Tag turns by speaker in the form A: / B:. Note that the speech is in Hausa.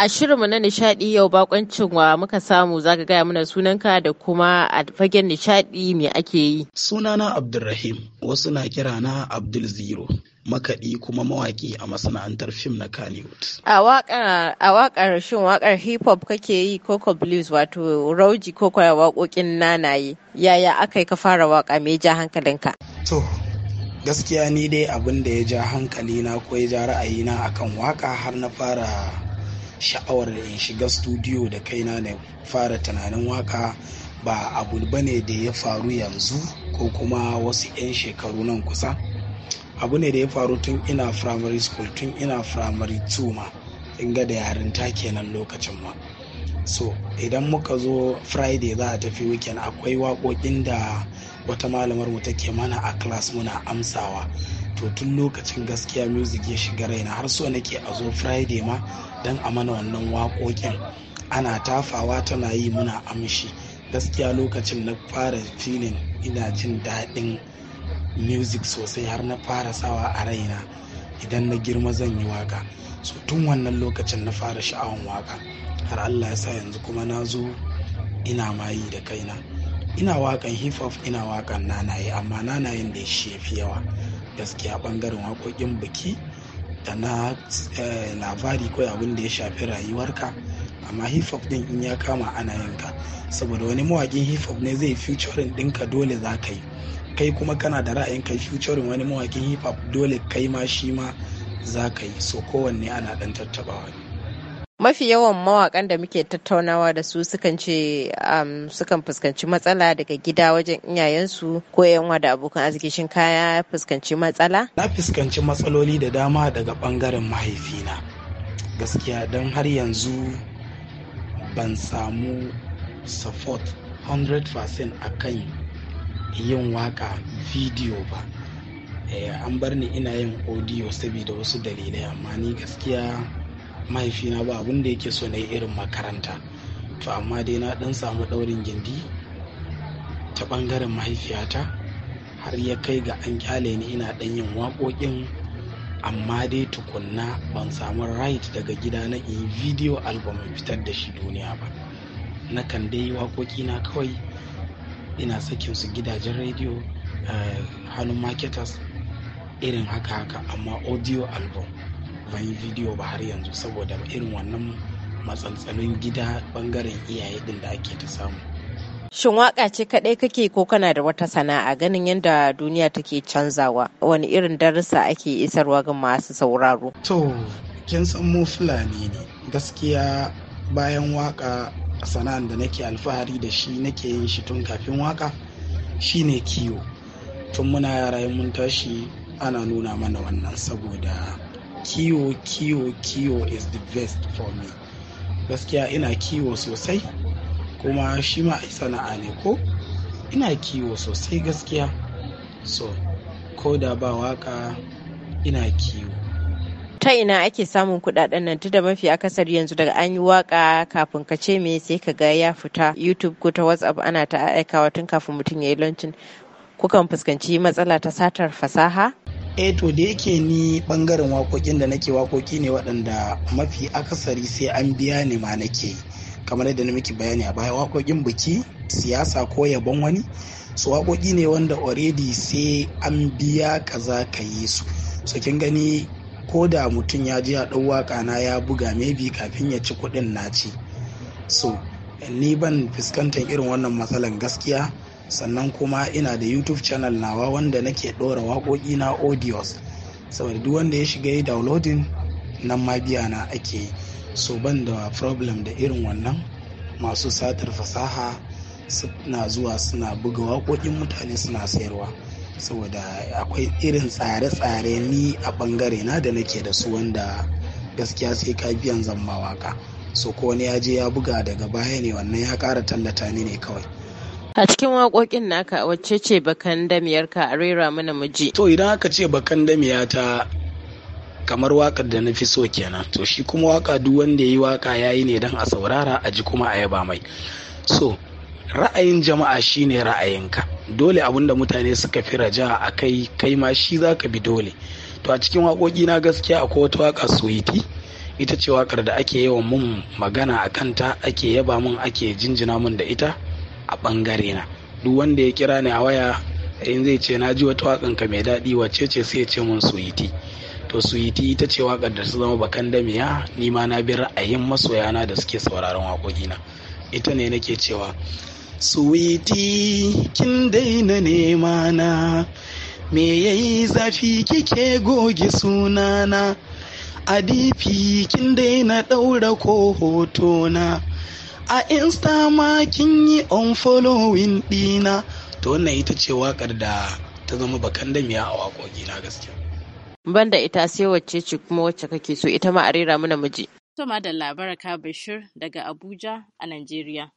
A: A shirinmu na nishaɗi yau bakoncin wa muka samu zaka gaya mana sunanka da kuma a fagen nishaɗi me ake yi.
B: Sunana Abdulrahim wasu na kira na Abdul Zero. makaɗi kuma mawaƙi a masana'antar fim na Kannywood.
A: A waƙar shin waƙar hip hop kake yi koko blues wato rauji ko kwaya waƙoƙin nanaye yaya aka yi ka fara waƙa mai ja hankalinka?
B: To gaskiya ni dai abin da ya ja hankali na ko ya ja ra'ayina akan waƙa har na fara sha'awar in shiga studio da kaina na fara tunanin waka ba abu bane da ya faru yanzu ko kuma wasu 'yan shekaru nan kusa abu ne da ya faru tun ina primary school tun ina primary 2 ma in ga da yarinta kenan lokacin ma so idan muka zo friday za a tafi weekend akwai waƙoƙin da wata malamar mu take mana a class muna amsawa to tun lokacin gaskiya music ya shiga raina har so nake a zo friday ma don a mana wannan waƙoƙin ana tafawa tana yi muna amshi gaskiya lokacin na fara filin ina jin daɗin music sosai har na fara sawa a raina idan na girma zan yi waka so tun wannan lokacin na fara sha'awan waka har allah ya sa yanzu kuma na zo ina mayi da kaina ina wakan hip hop ina wakan nanaye amma nanayen da shi fi yawa gaskiya bangaren waƙoƙin biki da na eh, labari ko abin da ya shafi rayuwarka amma hip hop din in ya kama ana yanka saboda wani mawakin hip hop ne zai featuring ɗinka dole za ka yi kai kuma kana da ra'ayin kai featuring wani mawakin hip hop dole kai ma shi ma za ka yi so kowanne ana ɗan tattabawa ne
A: mafi yawan mawakan da muke tattaunawa da su sukan ce um, sukan fuskanci matsala daga gida wajen iyayensu ko yanwa da abokan arziki shin kaya fuskanci matsala na
B: fuskanci matsaloli da dama daga bangaren mahaifina gaskiya don har yanzu ban samu support 100% kan yin waka video ba eh, an bar ni ina yin audio saboda wasu dalilai amma ni gaskiya mahaifina ba abin yake so na yi irin makaranta to amma dai na ɗan samu ɗaurin gindi ta ɓangaren mahaifiyata har ya kai ga an kyale ni ina ɗan yin waƙoƙin amma dai tukunna ban samu right daga gida na in video album fitar da shi duniya ba na kan dai yi waƙoƙi na kawai ina sakin su gidajen rediyo eh, hannun marketers irin haka haka amma audio album ban yi bidiyo ba har yanzu saboda irin wannan matsantsalin gida bangaren iyaye din da ake ta samu
A: Shin waka ce kaɗai kake ko kana da wata sana'a ganin yadda duniya take canzawa wani irin darussa ake isarwa ga masu sauraro?
B: To, kin san mu Fulani ne gaskiya bayan waka sana'an da nake alfahari da shi nake yin shi tun kafin waka ne kiwo. Tun muna yara mun tashi ana nuna mana wannan saboda kiwo kiwo kiwo is the best for me gaskiya ina kiwo sosai kuma shi ma sana'a ne ko ina kiwo sosai gaskiya so ko da ba waka ina kiwo
A: ta ina ake samun kudaden nan tunda mafi akasari yanzu daga an yi waka kafin ka ce me sai ka ga ya fita youtube ko ta whatsapp ana ta aikawa tun kafin mutum ya yi launching kukan fuskanci matsala ta satar fasaha eh to
B: da yake ni bangaren wakokin da nake wakoki ne waɗanda mafi akasari sai an biya ne ma nake kamar yadda na miki bayani a baya wakokin biki siyasa ko yabon wani su wakoki ne wanda already sai an biya kaza ka yi su su kin gani ko da mutum ya ji ya ɗau waka na ya buga maybe kafin ya ci kuɗin na ci so ni ban fuskantar irin wannan matsalan gaskiya sannan kuma ina da youtube channel nawa wanda nake ɗora waƙoƙi na audios saboda duk wanda ya shiga yi downloading nan ma biya na ake so ban da problem da irin wannan masu satar fasaha na zuwa suna buga waƙoƙin mutane suna sayarwa saboda akwai irin tsare-tsare ni a bangare na da nake da su wanda gaskiya sai ka biyan zan mawaka so ko ya je ya buga daga baya ne wannan ya kara tallata ni ne kawai
A: A cikin waƙoƙin naka wacce ce bakandamiyar ka a rera mana muji? To idan aka ce bakandamiya
B: ta kamar waƙar da na fi so kenan. To shi kuma waƙa duk wanda ya yi waƙa ya yi ne don a saurara a ji kuma a yaba mai. So ra'ayin jama'a shi ne ra'ayinka. Dole abin da mutane suka fi raja a kai kai ma shi za ka bi dole. To a cikin waƙoƙi na gaskiya akwai wata waƙa suwiti. ita ce waƙar da ake yawan mun magana a kanta ake yaba mun ake jinjina mun da ita a ɓangare na duk wanda ya kira ni a waya in zai ce na ji wata wakan ka mai daɗi wacce ce sai ya ce mun suwiti to suwiti ita ce waƙar da ta zama bakan damiya ni ma na bi ra'ayin masoyana da suke sauraron na. ita ne nake cewa suwiti kin daina nema na me yayi zafi kike goge sunana a kin daina ɗaura ko hotona a insta ma kin yi on following dina to wannan ita ce wakar da ta zama bakan miya a waƙoƙi na gaskiya
A: banda ita sai wacce ce kuma wacce kake so ita ma a rera mana miji to madalla baraka bashir daga abuja a najeriya